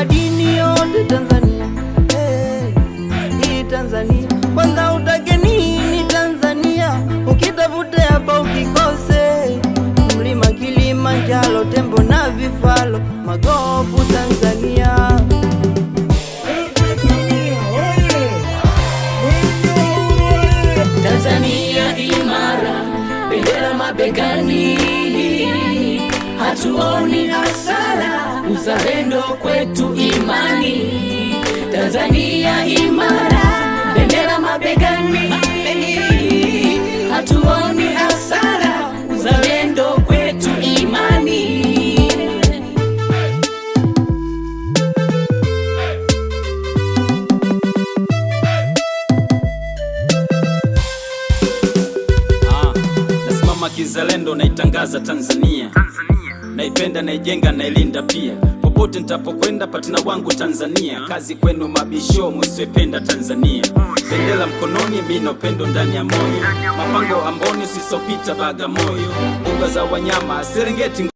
madini yote Tanzania, hey, hii Tanzania kwanza, utake nini Tanzania? Ukitafute hapa ukikose, mlima Kilimanjaro, tembo na vifalo, magofu Tanzania. Tanzania imara, bendera mabegani, hatuoni hasara uzalendo kwetu imani, Tanzania imara, bendera mabegani, hatuoni hasara, uzalendo kwetu imani. Ah, nasimama kizalendo, naitangaza Tanzania, Tanzania. Naipenda, naijenga, nailinda pia popote ntapokwenda patina wangu Tanzania, kazi kwenu mabisho, mwiswependa Tanzania, bendela mkononi, mino pendo ndani ya moyo, mapango amboni, baga Bagamoyo, mbuga za wanyama Serengeti.